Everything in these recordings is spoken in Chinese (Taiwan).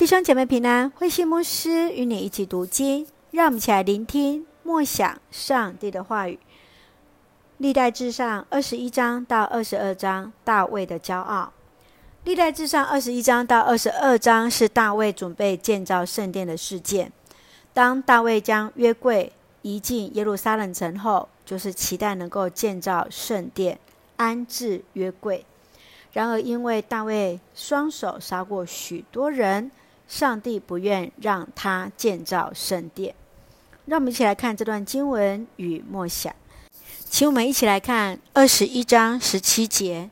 弟兄姐妹平安，慧馨牧師與你一起讀經，讓我們一起來聆聽默想上帝的話語。歷代志上二十一章到二十二章，大衛的驕傲。歷代志上二十一章到二十二章是大衛準備建造聖殿的事件。當大衛將約櫃移進耶路撒冷城後，就是期待能夠建造聖殿安置約櫃。然而，因為大衛雙手殺過許多人。上帝不願讓他建造聖殿，讓我們一起來看這段經文與默想。請我們一起來看二十一章十七節：“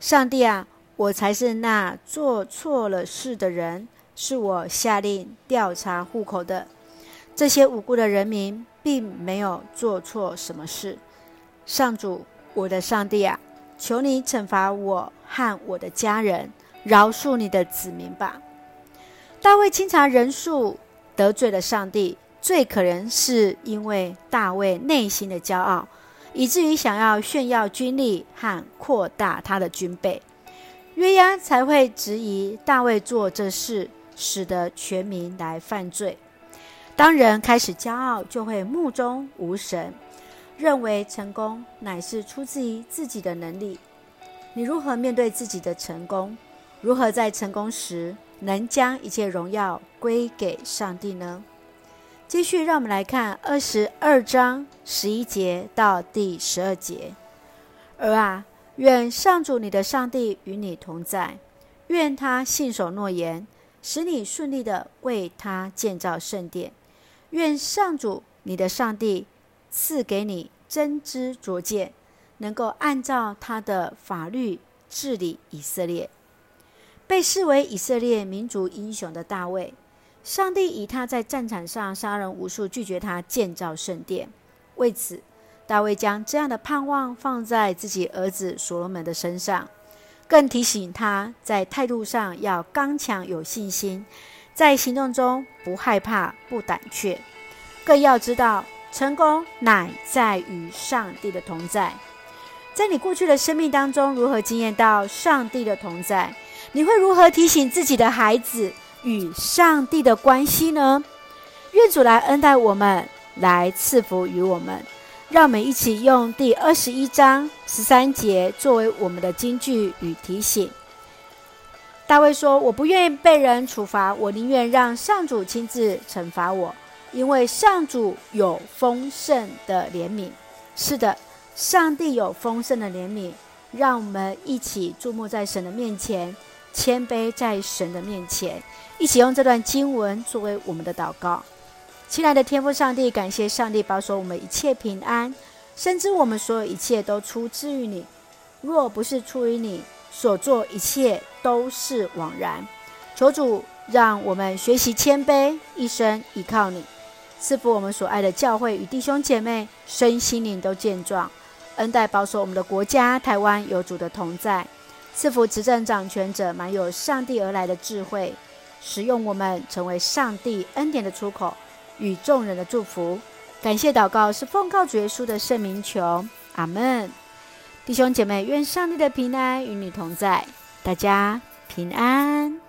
上帝啊，我才是那做錯了事的人，是我下令調查戶口的。這些無辜的人民並沒有做錯什麼事。上主，我的上帝啊，求你懲罰我和我的家人，饒恕你的子民吧。”大衛清查人數得罪了上帝，最可能是因為大衛內心的驕傲，以至於想要炫耀軍力和擴大他的軍備。約押才會質疑大衛做這事，使得全民來犯罪。當人開始驕傲，就會目中無神，認為成功乃是出自於自己的能力。你如何面對自己的成功？如何在成功時，能將一切榮耀歸給上帝呢？繼續讓我們來看二十二章十一節到第十二節。兒啊，願上主你的上帝與你同在，願他信守諾言，使你順利地為他建造聖殿。願上主你的上帝賜給你真知灼見，能夠按照他的法律治理以色列。被視為以色列民族英雄的大衛，上帝以他在戰場上殺人無數拒絕他建造聖殿。為此，大衛將這樣的盼望放在自己兒子所羅門的身上，更提醒他，在態度上要剛強有信心，在行動中不害怕不膽怯，更要知道成功乃在於上帝的同在。在你過去的生命當中，如何經驗到上帝的同在？你會如何提醒自己的孩子與上帝的關係呢？願主來恩待我們，來賜福於我們，讓我們一起用第二十一章十三節作為我們的金句與提醒。大衛說：“我不願意被人處罰，我寧願讓上主親自懲罰我，因為上主有豐盛的憐憫。”是的，上帝有豐盛的憐憫。讓我們一起注目在神的面前。謙卑在神的面前，一起用這段經文作為我們的禱告。親愛的天父上帝，感謝上帝保守我們一切平安，深知我們所有一切都出自於你。若不是出於你，所做一切都是枉然。求主讓我們學習謙卑，一生倚靠你，賜福我們所愛的教會與弟兄姐妹，身心靈都健壯，恩待保守我們的國家台灣，有主的同在。賜福執政掌權者，滿有上帝而來的智慧，使用我們成為上帝恩典的出口與眾人的祝福。感謝禱告是奉靠主耶穌的聖名求，阿們。弟兄姐妹，願上帝的平安與你同在，大家平安。